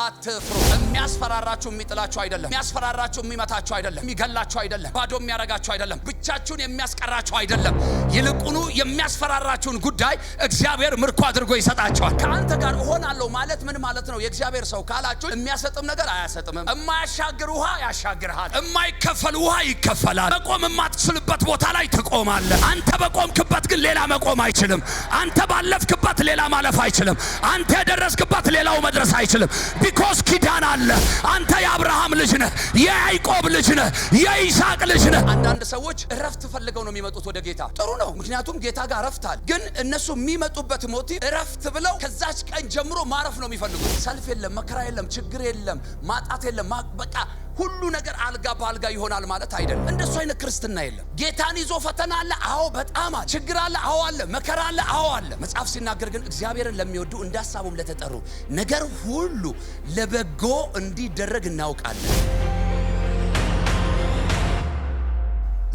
አትፍሩ። የሚያስፈራራችሁ የሚጥላችሁ አይደለም። የሚያስፈራራችሁ የሚመታችሁ አይደለም። የሚገላችሁ አይደለም። ባዶ የሚያረጋችሁ አይደለም። ብቻችሁን የሚያስቀራችሁ አይደለም። ይልቁኑ የሚያስፈራራችሁን ጉዳይ እግዚአብሔር ምርኮ አድርጎ ይሰጣቸዋል። ከአንተ ጋር እሆናለሁ ማለት ምን ማለት ነው? የእግዚአብሔር ሰው ካላችሁ የሚያሰጥም ነገር አያሰጥምም። የማያሻግር ውሃ ያሻግርሃል። የማይከፈል ውሃ ይከፈላል። መቆም የማትችልበት ቦታ ላይ ትቆማለህ። አንተ በቆምክበት ግን ሌላ መቆም አይችልም። አንተ ባለፍክበት ሌላ ማለፍ አይችልም። አንተ የደረስክበት ሌላው መድረስ አይችልም። ቢኮስ ኪዳን አለ። አንተ የአብርሃም ልጅ ነህ፣ የያይቆብ ልጅ ነህ፣ የይስሐቅ ልጅ ነህ። አንዳንድ ሰዎች እረፍት ፈልገው ነው የሚመጡት ወደ ጌታ። ጥሩ ነው፣ ምክንያቱም ጌታ ጋር እረፍት አለ። ግን እነሱ የሚመጡበት ሞቲቭ እረፍት ብለው ከዛች ቀን ጀምሮ ማረፍ ነው የሚፈልጉት። ሰልፍ የለም፣ መከራ የለም፣ ችግር የለም፣ ማጣት የለም፣ በቃ ሁሉ ነገር አልጋ በአልጋ ይሆናል ማለት አይደለም። እንደሱ አይነት ክርስትና የለም። ጌታን ይዞ ፈተና አለ፣ አዎ በጣም አለ። ችግር አለ፣ አዎ አለ። መከራ አለ፣ አዎ አለ። መጽሐፍ ሲናገር ግን እግዚአብሔርን ለሚወዱ እንደ ሀሳቡም ለተጠሩ ነገር ሁሉ ለበጎ እንዲደረግ እናውቃለን።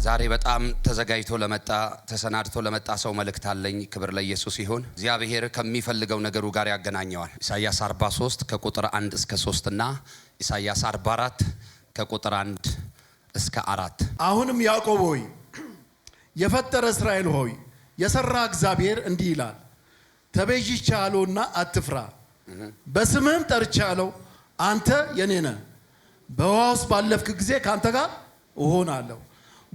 ዛሬ በጣም ተዘጋጅቶ ለመጣ ተሰናድቶ ለመጣ ሰው መልእክት አለኝ። ክብር ለኢየሱስ ይሁን። እግዚአብሔር ከሚፈልገው ነገሩ ጋር ያገናኘዋል። ኢሳይያስ 43 ከቁጥር 1 እስከ 3 እና ኢሳያስ 44 ከቁጥር 1 እስከ አራት አሁንም ያዕቆብ ሆይ የፈጠረ እስራኤል ሆይ የሰራ እግዚአብሔር እንዲህ ይላል ተቤዥቻለሁና አትፍራ፣ በስምህም ጠርቻለሁ፣ አንተ የኔ ነህ። በውሃ ውስጥ ባለፍክ ጊዜ ከአንተ ጋር እሆናለሁ፣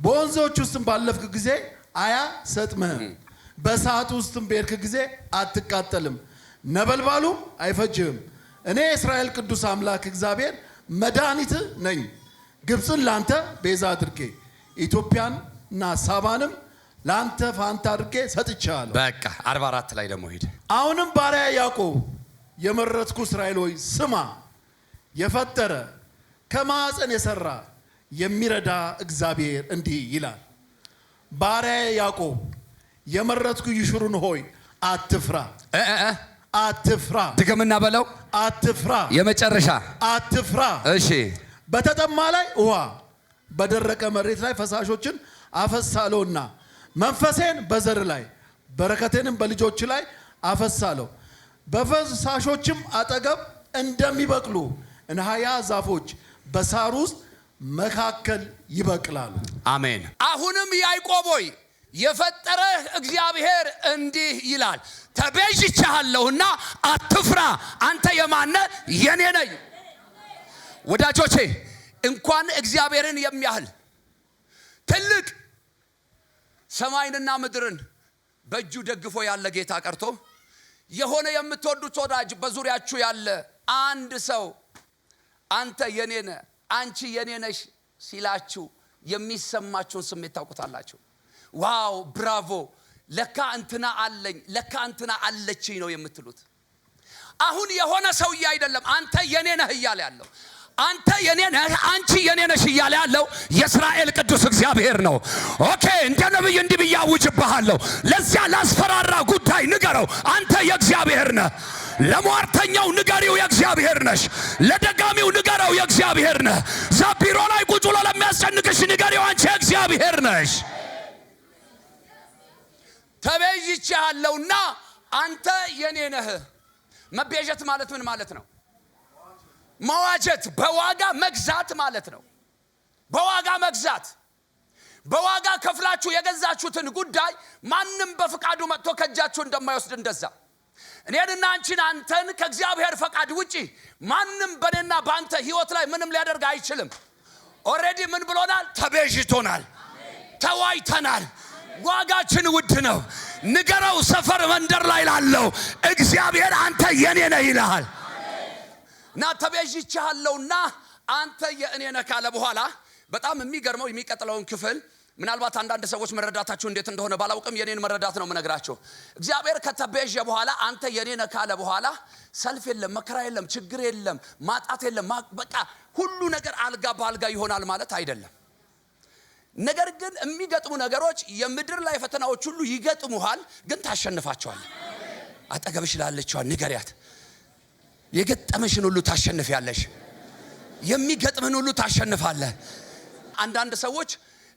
በወንዞች ውስጥም ባለፍክ ጊዜ ሰጥምህም በሰዓት ውስጥም በሄድክ ጊዜ አትቃጠልም፣ ነበልባሉም አይፈጅህም። እኔ የእስራኤል ቅዱስ አምላክ እግዚአብሔር መድኃኒት ነኝ። ግብፅን ላንተ ቤዛ አድርጌ ኢትዮጵያንና ሳባንም ለአንተ ፋንታ አድርጌ ሰጥቻለሁ። በቃ 44 ላይ ደግሞ ሂድ። አሁንም ባሪያ ያዕቆብ የመረጥኩ እስራኤል ሆይ ስማ፣ የፈጠረ ከማዕፀን የሰራ የሚረዳ እግዚአብሔር እንዲህ ይላል፣ ባሪያ ያዕቆብ የመረጥኩ ይሹሩን ሆይ አትፍራ አትፍራ። ድገምና በለው አትፍራ። የመጨረሻ አትፍራ። እሺ። በተጠማ ላይ ውሃ በደረቀ መሬት ላይ ፈሳሾችን አፈሳለሁና መንፈሴን በዘር ላይ በረከቴንም በልጆች ላይ አፈሳለሁ በፈሳሾችም አጠገብ እንደሚበቅሉ እንሃያ ዛፎች በሳር ውስጥ መካከል ይበቅላሉ። አሜን። አሁንም ያዕቆብ ሆይ የፈጠረህ እግዚአብሔር እንዲህ ይላል፣ ተቤዥቻለሁና አትፍራ፣ አንተ የማነ የኔ ነኝ። ወዳጆቼ እንኳን እግዚአብሔርን የሚያህል ትልቅ ሰማይንና ምድርን በእጁ ደግፎ ያለ ጌታ ቀርቶ የሆነ የምትወዱት ወዳጅ በዙሪያችሁ ያለ አንድ ሰው አንተ የኔ ነህ፣ አንቺ የኔ ነሽ ሲላችሁ የሚሰማችሁን ስሜት ታውቁታላችሁ። ዋው ብራቮ፣ ለካ እንትና አለኝ፣ ለካ እንትና አለችኝ ነው የምትሉት። አሁን የሆነ ሰውዬ አይደለም አንተ የኔ ነህ እያለ ያለው አንተ የኔ ነህ፣ አንቺ የኔ ነሽ እያለ ያለው የእስራኤል ቅዱስ እግዚአብሔር ነው። ኦኬ እንደ ነብይ እንዲህ ብዬ ለዚያ ላስፈራራ ጉዳይ ንገረው፣ አንተ የእግዚአብሔር ነህ። ለሟርተኛው ንገሪው የእግዚአብሔር ነሽ። ለደጋሚው ንገረው የእግዚአብሔር ነህ። ዛቢሮ ላይ ቁጭ ለሚያስጨንቅሽ ንገሪው አንቺ የእግዚአብሔር ነሽ። ተቤዥቼሃለሁና አንተ የኔ ነህ። መቤዠት ማለት ምን ማለት ነው? መዋጀት በዋጋ መግዛት ማለት ነው። በዋጋ መግዛት በዋጋ ከፍላችሁ የገዛችሁትን ጉዳይ ማንም በፍቃዱ መጥቶ ከእጃችሁ እንደማይወስድ እንደዛ እኔንና አንቺን አንተን ከእግዚአብሔር ፈቃድ ውጪ ማንም በእኔና በአንተ ህይወት ላይ ምንም ሊያደርግ አይችልም። ኦልሬዲ ምን ብሎናል? ተቤዥቶናል፣ ተዋይተናል። ዋጋችን ውድ ነው። ንገረው ሰፈር መንደር ላይ ላለው እግዚአብሔር አንተ የኔ ነህ ይልሃል። እና ተቤዥቻለሁና አንተ የእኔ ነህ ካለ በኋላ በጣም የሚገርመው የሚቀጥለውን ክፍል ምናልባት አንዳንድ ሰዎች መረዳታቸው እንዴት እንደሆነ ባላውቅም የኔን መረዳት ነው የምነግራቸው። እግዚአብሔር ከተቤዥ በኋላ አንተ የኔ ነህ ካለ በኋላ ሰልፍ የለም፣ መከራ የለም፣ ችግር የለም፣ ማጣት የለም። በቃ ሁሉ ነገር አልጋ በአልጋ ይሆናል ማለት አይደለም። ነገር ግን የሚገጥሙ ነገሮች የምድር ላይ ፈተናዎች ሁሉ ይገጥሙሃል፣ ግን ታሸንፋቸዋል። አጠገብሽ ላለችዋን ንገሪያት፣ የገጠመሽን ሁሉ ታሸንፊያለሽ። የሚገጥምን ሁሉ ታሸንፋለህ። አንዳንድ ሰዎች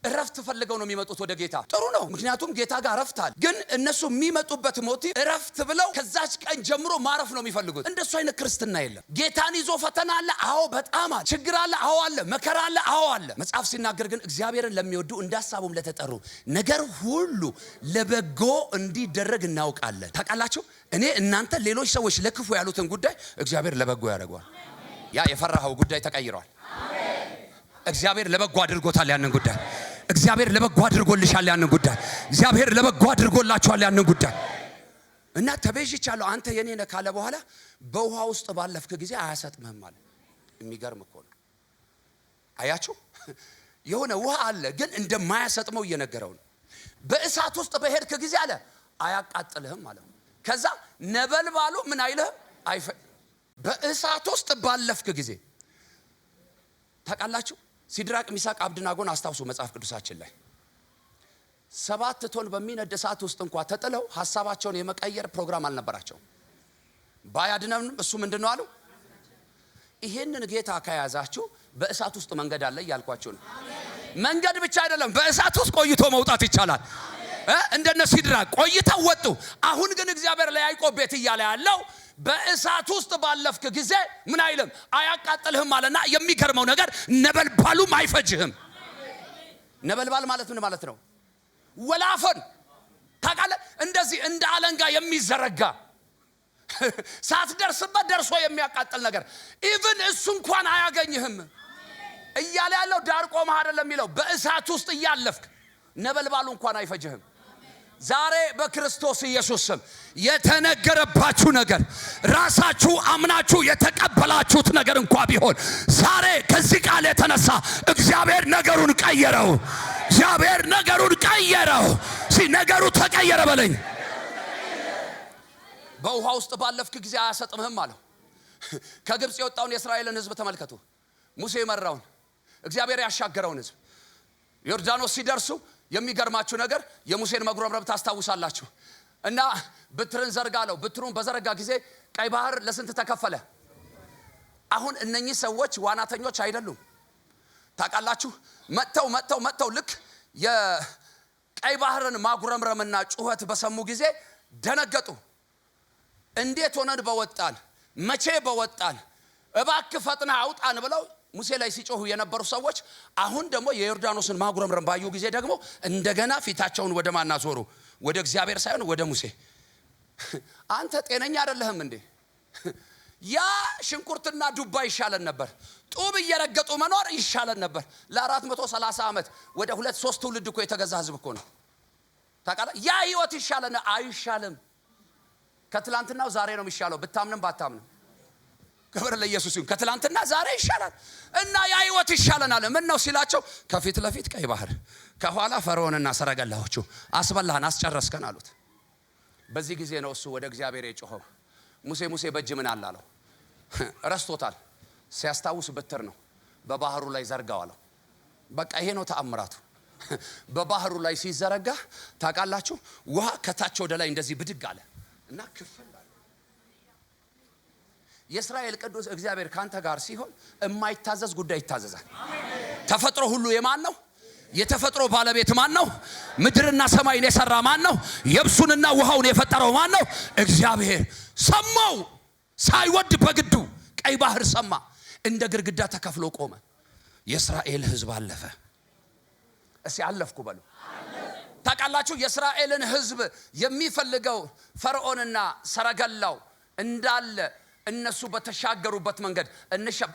እረፍት ፈልገው ነው የሚመጡት ወደ ጌታ። ጥሩ ነው፣ ምክንያቱም ጌታ ጋር እረፍት አለ። ግን እነሱ የሚመጡበት ሞቲ እረፍት ብለው ከዛች ቀን ጀምሮ ማረፍ ነው የሚፈልጉት። እንደሱ አይነት ክርስትና የለም። ጌታን ይዞ ፈተና አለ፣ አዎ በጣም አለ። ችግር አለ፣ አዎ አለ። መከራ አለ፣ አዎ አለ። መጽሐፍ ሲናገር ግን እግዚአብሔርን ለሚወዱ እንዳሳቡም ለተጠሩ ነገር ሁሉ ለበጎ እንዲደረግ እናውቃለን። ታውቃላችሁ፣ እኔ እናንተ፣ ሌሎች ሰዎች ለክፉ ያሉትን ጉዳይ እግዚአብሔር ለበጎ ያደርገዋል። ያ የፈራኸው ጉዳይ ተቀይረዋል። እግዚአብሔር ለበጎ አድርጎታል ያንን ጉዳይ። እግዚአብሔር ለበጎ አድርጎልሻል ያንን ጉዳይ። እግዚአብሔር ለበጎ አድርጎላችኋል ያንን ጉዳይ እና ተቤዥቻለሁ አንተ የኔ ነህ ካለ በኋላ በውሃ ውስጥ ባለፍክ ጊዜ አያሰጥምህም አለ። የሚገርም እኮ ነው። አያችሁ የሆነ ውሃ አለ ግን እንደማያሰጥመው እየነገረው ነው። በእሳት ውስጥ በሄድክ ጊዜ አለ አያቃጥልህም አለ። ከዛ ነበልባሉ ምን አይልህም አይፈ በእሳት ውስጥ ባለፍክ ጊዜ ታውቃላችሁ ሲድራቅ ሚሳቅ አብድናጎን አስታውሱ። መጽሐፍ ቅዱሳችን ላይ ሰባት ቶን በሚነድ እሳት ውስጥ እንኳ ተጥለው ሀሳባቸውን የመቀየር ፕሮግራም አልነበራቸውም። ባያድነንም እሱ ምንድን ነው አሉ። ይህንን ጌታ ከያዛችሁ በእሳት ውስጥ መንገድ አለ እያልኳችሁ ነው። መንገድ ብቻ አይደለም፣ በእሳት ውስጥ ቆይቶ መውጣት ይቻላል። እንደነ ሲድራቅ ቆይተው ወጡ። አሁን ግን እግዚአብሔር ለያዕቆብ ቤት እያለ ያለው በእሳት ውስጥ ባለፍክ ጊዜ ምን አይልም አያቃጥልህም አለና፣ የሚገርመው ነገር ነበልባሉም አይፈጅህም። ነበልባል ማለት ምን ማለት ነው? ወላፈን ታውቃለህ? እንደዚህ እንደ አለንጋ የሚዘረጋ ሳትደርስበት ደርሶ የሚያቃጥል ነገር ኢቭን እሱ እንኳን አያገኝህም እያለ ያለው ዳር ቆመህ አይደለም የሚለው በእሳት ውስጥ እያለፍክ ነበልባሉ እንኳን አይፈጅህም። ዛሬ በክርስቶስ ኢየሱስ ስም የተነገረባችሁ ነገር ራሳችሁ አምናችሁ የተቀበላችሁት ነገር እንኳ ቢሆን ዛሬ ከዚህ ቃል የተነሳ እግዚአብሔር ነገሩን ቀየረው። እግዚአብሔር ነገሩን ቀየረው። ሲ ነገሩ ተቀየረ በለኝ። በውሃ ውስጥ ባለፍክ ጊዜ አያሰጥምህም አለው። ከግብፅ የወጣውን የእስራኤልን ሕዝብ ተመልከቱ። ሙሴ የመራውን እግዚአብሔር ያሻገረውን ሕዝብ ዮርዳኖስ ሲደርሱ የሚገርማችሁ ነገር የሙሴን መጉረምረም ታስታውሳላችሁ። እና ብትርን ዘርጋ አለው። ብትሩን በዘረጋ ጊዜ ቀይ ባህር ለስንት ተከፈለ? አሁን እነኚህ ሰዎች ዋናተኞች አይደሉም። ታውቃላችሁ፣ መጥተው መጥተው መጥተው ልክ የቀይ ባህርን ማጉረምረምና ጩኸት በሰሙ ጊዜ ደነገጡ። እንዴት ሆነን በወጣን? መቼ በወጣን? እባክ ፈጥና አውጣን ብለው ሙሴ ላይ ሲጮሁ የነበሩ ሰዎች አሁን ደግሞ የዮርዳኖስን ማጉረምረም ባዩ ጊዜ ደግሞ እንደገና ፊታቸውን ወደ ማና ዞሩ ወደ እግዚአብሔር ሳይሆን ወደ ሙሴ። አንተ ጤነኛ አይደለህም እንዴ? ያ ሽንኩርትና ዱባ ይሻለን ነበር። ጡብ እየረገጡ መኖር ይሻለን ነበር። ለ430 ዓመት ወደ ሁለት ሶስት ትውልድ እኮ የተገዛ ህዝብ እኮ ነው። ታውቃለህ? ያ ህይወት ይሻለን አይሻልም። ከትላንትናው ዛሬ ነው የሚሻለው፣ ብታምንም ባታምንም ክብር ለኢየሱስ ይሁን። ከትላንትና ዛሬ ይሻላል እና ያ ህይወት ይሻለናል። ምን ነው ሲላቸው ከፊት ለፊት ቀይ ባህር፣ ከኋላ ፈርዖንና ሰረገላዎቹ አስበላህን፣ አስጨረስከን አሉት። በዚህ ጊዜ ነው እሱ ወደ እግዚአብሔር የጮኸው። ሙሴ ሙሴ በእጅ ምን አለ አለው። ረስቶታል። ሲያስታውስ ብትር ነው በባህሩ ላይ ዘርጋው አለው። በቃ ይሄ ነው ተአምራቱ። በባህሩ ላይ ሲዘረጋ ታውቃላችሁ፣ ውሃ ከታች ወደ ላይ እንደዚህ ብድግ አለ እና ክፍል የእስራኤል ቅዱስ እግዚአብሔር ካንተ ጋር ሲሆን የማይታዘዝ ጉዳይ ይታዘዛል። ተፈጥሮ ሁሉ የማን ነው? የተፈጥሮ ባለቤት ማን ነው? ምድርና ሰማይን የሰራ ማን ነው? የብሱንና ውሃውን የፈጠረው ማን ነው? እግዚአብሔር። ሰማው ሳይወድ በግዱ ቀይ ባህር ሰማ፣ እንደ ግርግዳ ተከፍሎ ቆመ። የእስራኤል ሕዝብ አለፈ። እስ አለፍኩ በሉ። ታውቃላችሁ የእስራኤልን ሕዝብ የሚፈልገው ፈርዖንና ሰረገላው እንዳለ እነሱ በተሻገሩበት መንገድ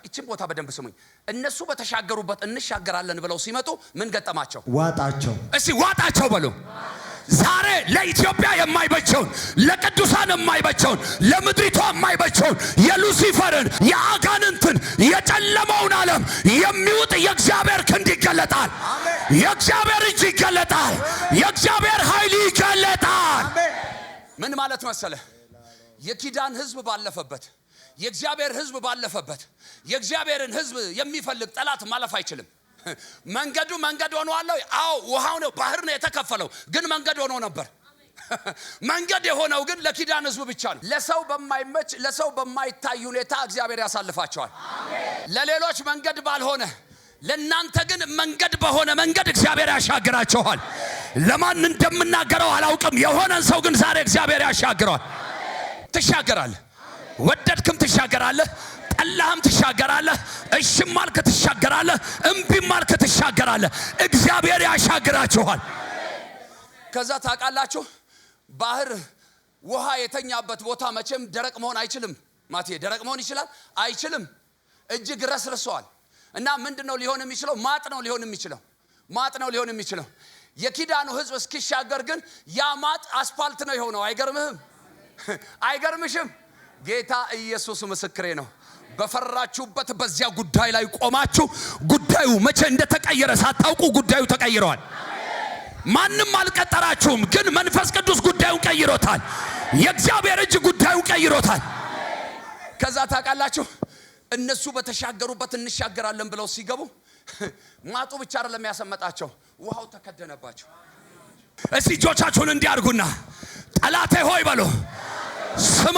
እችን ቦታ በደንብ ስሙኝ። እነሱ በተሻገሩበት እንሻገራለን ብለው ሲመጡ ምን ገጠማቸው? ዋጣቸው። እስቲ ዋጣቸው በሉ። ዛሬ ለኢትዮጵያ የማይበቸውን ለቅዱሳን የማይበቸውን ለምድሪቷ የማይበቸውን የሉሲፈርን የአጋንንትን የጨለመውን ዓለም የሚውጥ የእግዚአብሔር ክንድ ይገለጣል። የእግዚአብሔር እጅ ይገለጣል። የእግዚአብሔር ኃይል ይገለጣል። ምን ማለት መሰለህ? የኪዳን ህዝብ ባለፈበት የእግዚአብሔር ህዝብ ባለፈበት የእግዚአብሔርን ህዝብ የሚፈልግ ጠላት ማለፍ አይችልም። መንገዱ መንገድ ሆኖ አለው። አዎ ውሃው ነው ባህር ነው የተከፈለው፣ ግን መንገድ ሆኖ ነበር። መንገድ የሆነው ግን ለኪዳን ህዝብ ብቻ ነው። ለሰው በማይመች ለሰው በማይታይ ሁኔታ እግዚአብሔር ያሳልፋቸዋል። ለሌሎች መንገድ ባልሆነ ለእናንተ ግን መንገድ በሆነ መንገድ እግዚአብሔር ያሻግራቸዋል። ለማን እንደምናገረው አላውቅም። የሆነን ሰው ግን ዛሬ እግዚአብሔር ያሻግረዋል። ትሻገራለህ። ወደድክም ትሻገራለህ፣ ጠላህም ትሻገራለህ፣ እሽም አልክ ትሻገራለህ፣ እምቢም አልክ ትሻገራለህ። እግዚአብሔር ያሻግራችኋል። ከዛ ታውቃላችሁ ባህር ውሃ የተኛበት ቦታ መቼም ደረቅ መሆን አይችልም። ማቴ ደረቅ መሆን ይችላል አይችልም። እጅግ ረስርሰዋል። እና ምንድን ነው ሊሆን የሚችለው? ማጥ ነው ሊሆን የሚችለው። ማጥ ነው ሊሆን የሚችለው። የኪዳኑ ሕዝብ እስኪሻገር ግን ያ ማጥ አስፋልት ነው የሆነው። አይገርምህም? አይገርምሽም? ጌታ ኢየሱስ ምስክሬ ነው። በፈራችሁበት በዚያ ጉዳይ ላይ ቆማችሁ ጉዳዩ መቼ እንደተቀየረ ሳታውቁ ጉዳዩ ተቀይረዋል። ማንም አልቀጠራችሁም፣ ግን መንፈስ ቅዱስ ጉዳዩን ቀይሮታል። የእግዚአብሔር እጅ ጉዳዩን ቀይሮታል። ከዛ ታውቃላችሁ እነሱ በተሻገሩበት እንሻገራለን ብለው ሲገቡ ማጡ ብቻ አይደለም ያሰመጣቸው፣ ውሃው ተከደነባቸው። እስቲ እጆቻችሁን እንዲያርጉና ጠላቴ ሆይ በሉ ስማ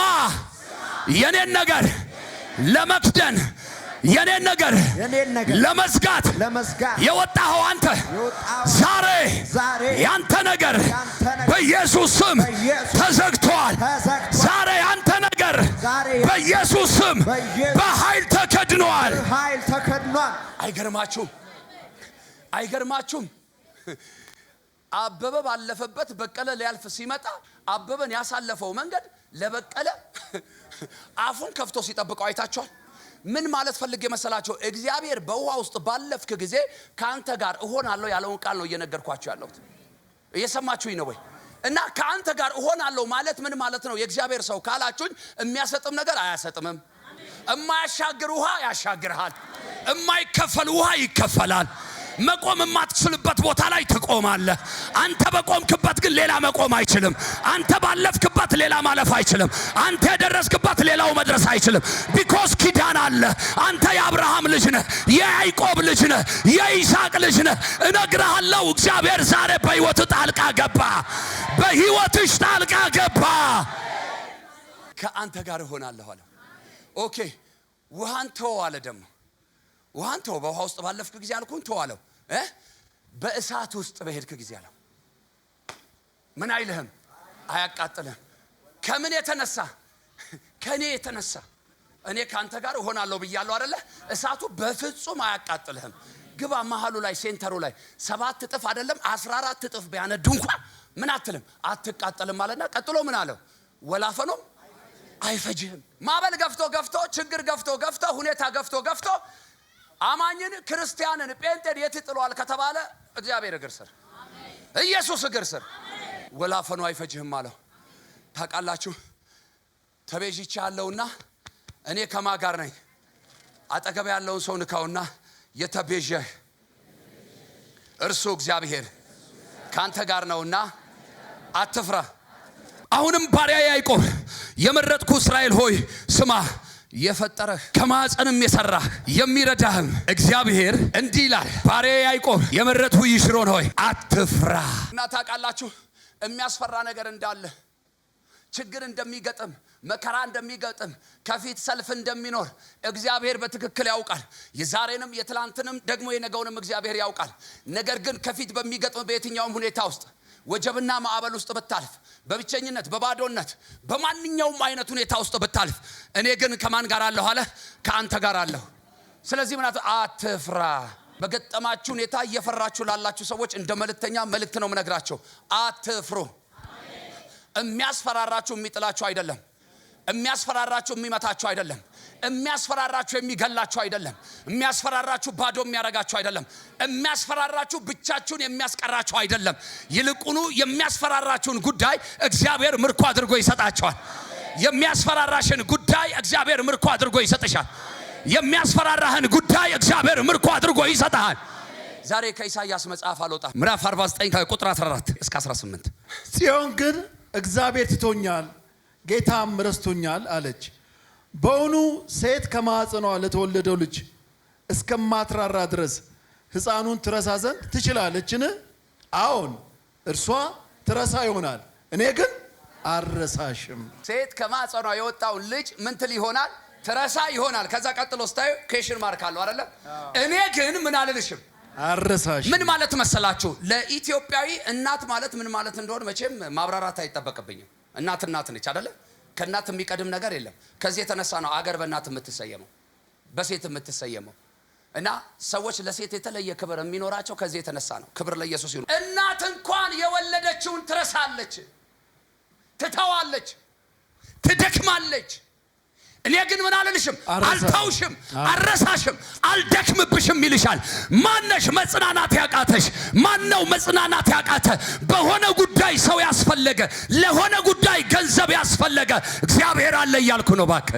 የኔን ነገር ለመክደን የኔን ነገር ለመዝጋት የወጣኸው አንተ ዛሬ ያንተ ነገር በኢየሱስ ስም ተዘግቷል። ዛሬ ያንተ ነገር በኢየሱስ ስም በኃይል ተከድኗል። አይገርማችሁም? አይገርማችሁም? አበበ ባለፈበት በቀለ ሊያልፍ ሲመጣ አበበን ያሳለፈው መንገድ ለበቀለ አፉን ከፍቶ ሲጠብቀው አይታችኋል። ምን ማለት ፈልግ የመሰላቸው እግዚአብሔር በውሃ ውስጥ ባለፍክ ጊዜ ከአንተ ጋር እሆናለሁ ያለውን ቃል ነው እየነገርኳቸው ያለሁት። እየሰማችሁኝ ነው ወይ? እና ከአንተ ጋር እሆናለሁ ማለት ምን ማለት ነው? የእግዚአብሔር ሰው ካላችሁኝ የሚያሰጥም ነገር አያሰጥምም። እማያሻግር ውሃ ያሻግርሃል። እማይከፈል ውሃ ይከፈላል። መቆም የማትችልበት ቦታ ላይ ትቆማለህ። አንተ በቆምክበት ግን ሌላ መቆም አይችልም። አንተ ባለፍክበት ሌላ ማለፍ አይችልም። አንተ የደረስክበት ሌላው መድረስ አይችልም። ቢኮስ ኪዳን አለ። አንተ የአብርሃም ልጅ ነህ፣ የያዕቆብ ልጅ ነህ፣ የይስሐቅ ልጅ ነህ። እነግርሃለሁ እግዚአብሔር ዛሬ በሕይወት ጣልቃ ገባ፣ በሕይወትሽ ጣልቃ ገባ። ከአንተ ጋር እሆናለሁ አለ። ኦኬ ውሃን ተወው አለ ደግሞ ውሃን ተው፣ በውሃ ውስጥ ባለፍክ ጊዜ አልኩን ተው አለው። በእሳት ውስጥ በሄድክ ጊዜ አለው ምን አይልህም፣ አያቃጥልህም። ከምን የተነሳ ከእኔ የተነሳ እኔ ከአንተ ጋር እሆናለሁ ብያለሁ አደለ? እሳቱ በፍጹም አያቃጥልህም። ግባ መሀሉ ላይ ሴንተሩ ላይ ሰባት እጥፍ አይደለም አስራ አራት እጥፍ ቢያነድ እንኳ ምን አትልም፣ አትቃጠልም አለና ቀጥሎ ምን አለው? ወላፈኖም አይፈጅህም። ማዕበል ገፍቶ ገፍቶ ችግር ገፍቶ ገፍቶ ሁኔታ ገፍቶ ገፍቶ አማኝን ክርስቲያንን ጴንጤን የት ጥለዋል ከተባለ እግዚአብሔር እግር ስር ኢየሱስ እግር ስር ወላፈኑ አይፈጅህም አለው። ታውቃላችሁ ተቤዥቻ ያለውና እኔ ከማ ጋር ነኝ አጠገብ ያለውን ሰው ንካውና የተቤዠህ እርሱ እግዚአብሔር ከአንተ ጋር ነውና አትፍራ። አሁንም ባሪያ ያይቆብ የመረጥኩ እስራኤል ሆይ ስማ የፈጠረህ ከማዕፀንም የሰራህ የሚረዳህም እግዚአብሔር እንዲህ ይላል፣ ባሬ ያዕቆብ የመረጥሁህ ይሽሮን ሆይ አትፍራ። እና ታውቃላችሁ የሚያስፈራ ነገር እንዳለ ችግር እንደሚገጥም መከራ እንደሚገጥም ከፊት ሰልፍ እንደሚኖር እግዚአብሔር በትክክል ያውቃል። የዛሬንም የትላንትንም ደግሞ የነገውንም እግዚአብሔር ያውቃል። ነገር ግን ከፊት በሚገጥም በየትኛውም ሁኔታ ውስጥ ወጀብና ማዕበል ውስጥ ብታልፍ፣ በብቸኝነት በባዶነት በማንኛውም አይነት ሁኔታ ውስጥ ብታልፍ፣ እኔ ግን ከማን ጋር አለሁ አለ? ከአንተ ጋር አለሁ። ስለዚህ ምናት አትፍራ። በገጠማችሁ ሁኔታ እየፈራችሁ ላላችሁ ሰዎች እንደ መልእክተኛ መልእክት ነው ምነግራቸው፣ አትፍሩ። የሚያስፈራራችሁ የሚጥላችሁ አይደለም። የሚያስፈራራችሁ የሚመታችሁ አይደለም። የሚያስፈራራችሁ የሚገላችሁ አይደለም። የሚያስፈራራችሁ ባዶ የሚያረጋችሁ አይደለም። የሚያስፈራራችሁ ብቻችሁን የሚያስቀራችሁ አይደለም። ይልቁኑ የሚያስፈራራችሁን ጉዳይ እግዚአብሔር ምርኮ አድርጎ ይሰጣቸዋል። የሚያስፈራራሽን ጉዳይ እግዚአብሔር ምርኮ አድርጎ ይሰጥሻል። የሚያስፈራራህን ጉዳይ እግዚአብሔር ምርኮ አድርጎ ይሰጥሃል። ዛሬ ከኢሳያስ መጽሐፍ አልወጣ ምዕራፍ 49 ከቁጥር 14 እስከ 18 ጽዮን ግን እግዚአብሔር ትቶኛል፣ ጌታም ረስቶኛል አለች። በውኑ ሴት ከማኅፀኗ ለተወለደው ልጅ እስከማትራራ ድረስ ሕፃኑን ትረሳ ዘንድ ትችላለችን? አዎን እርሷ ትረሳ ይሆናል፣ እኔ ግን አረሳሽም። ሴት ከማኅፀኗ የወጣውን ልጅ ምን ትል ይሆናል? ትረሳ ይሆናል። ከዛ ቀጥሎ ስታዩ ኬሽን ማርክ አለው አይደለም? እኔ ግን ምን አልልሽም አረሳሽ። ምን ማለት መሰላችሁ? ለኢትዮጵያዊ እናት ማለት ምን ማለት እንደሆነ መቼም ማብራራት አይጠበቅብኝም። እናት እናት ነች አይደለም? ከእናት የሚቀድም ነገር የለም። ከዚህ የተነሳ ነው አገር በእናት የምትሰየመው በሴት የምትሰየመው እና ሰዎች ለሴት የተለየ ክብር የሚኖራቸው ከዚህ የተነሳ ነው። ክብር ለኢየሱስ ይሁን። እናት እንኳን የወለደችውን ትረሳለች፣ ትተዋለች፣ ትደክማለች። እኔ ግን ምን አልልሽም፣ አልተውሽም፣ አረሳሽም፣ አልደክምብሽም ይልሻል። ማነሽ መጽናናት ያቃተሽ? ማነው መጽናናት ያቃተ? በሆነ ጉዳይ ሰው ያስፈለገ፣ ለሆነ ጉዳይ ገንዘብ ያስፈለገ፣ እግዚአብሔር አለ እያልኩ ነው። ባከ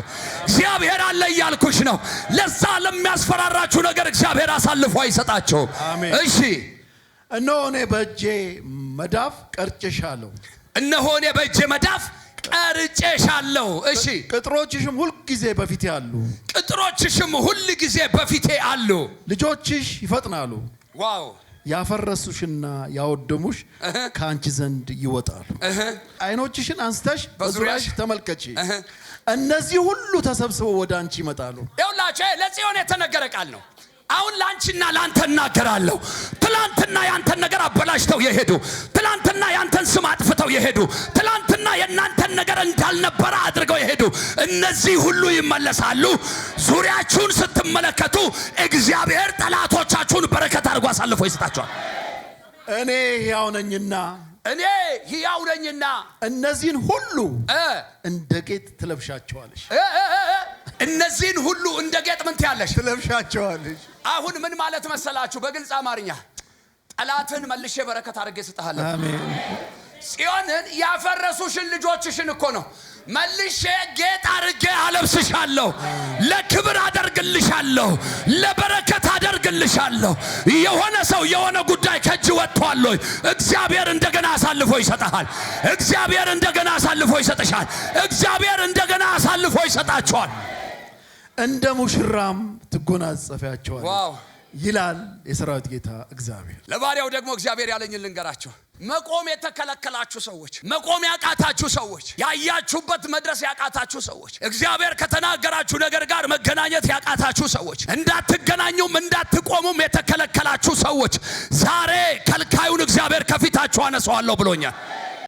እግዚአብሔር አለ እያልኩሽ ነው። ለዛ ለሚያስፈራራችሁ ነገር እግዚአብሔር አሳልፎ አይሰጣቸውም። እሺ እነሆ እኔ በእጄ መዳፍ ቀርጭሻለሁ። እነሆ እኔ በእጄ መዳፍ ቀርጬሻለሁ። እሺ ቅጥሮችሽም ሁልጊዜ በፊቴ አሉ። ቅጥሮችሽም ሁል ጊዜ በፊቴ አሉ። ልጆችሽ ይፈጥናሉ። ዋው ያፈረሱሽና ያወደሙሽ ከአንቺ ዘንድ ይወጣሉ። አይኖችሽን አንስተሽ በዙሪያሽ ተመልከች እነዚህ ሁሉ ተሰብስበው ወደ አንቺ ይመጣሉ። ይኸውላችሁ ለጽዮን የተነገረ ቃል ነው። አሁን ላንቺና ላንተ እናገራለሁ። ትላንትና ያንተን ነገር አበላሽተው የሄዱ ትላንትና ያንተን ስም አጥፍተው የሄዱ ትላንትና የእናንተን ነገር እንዳልነበረ አድርገው የሄዱ እነዚህ ሁሉ ይመለሳሉ። ዙሪያችሁን ስትመለከቱ እግዚአብሔር ጠላቶቻችሁን በረከት አድርጎ አሳልፎ ይሰጣቸዋል። እኔ ሕያው ነኝና እኔ ሕያው ነኝና እነዚህን ሁሉ እንደ ጌጥ ትለብሻቸዋለሽ። እነዚህን ሁሉ እንደ ጌጥ ምን ትያለሽ? ትለብሻቸዋለሽ አሁን ምን ማለት መሰላችሁ? በግልጽ አማርኛ ጠላትን መልሼ በረከት አድርጌ ስጥሃለሁ። ጽዮንን ያፈረሱሽን ልጆችሽን እኮ ነው መልሼ ጌጥ አድርጌ አለብስሻለሁ። ለክብር አደርግልሻለሁ። ለበረከት አደርግልሻለሁ። የሆነ ሰው የሆነ ጉዳይ ከእጅ ወጥቷል ወይ? እግዚአብሔር እንደገና አሳልፎ ይሰጠሃል። እግዚአብሔር እንደገና አሳልፎ ይሰጥሻል። እግዚአብሔር እንደገና አሳልፎ ይሰጣቸዋል። እንደ ሙሽራም ትጎናጸፊያቸዋል ይላል የሰራዊት ጌታ እግዚአብሔር። ለባሪያው ደግሞ እግዚአብሔር ያለኝን ልንገራችሁ። መቆም የተከለከላችሁ ሰዎች፣ መቆም ያቃታችሁ ሰዎች፣ ያያችሁበት መድረስ ያቃታችሁ ሰዎች፣ እግዚአብሔር ከተናገራችሁ ነገር ጋር መገናኘት ያቃታችሁ ሰዎች፣ እንዳትገናኙም እንዳትቆሙም የተከለከላችሁ ሰዎች ዛሬ ከልካዩን እግዚአብሔር ከፊታችሁ አነሳዋለሁ ብሎኛል።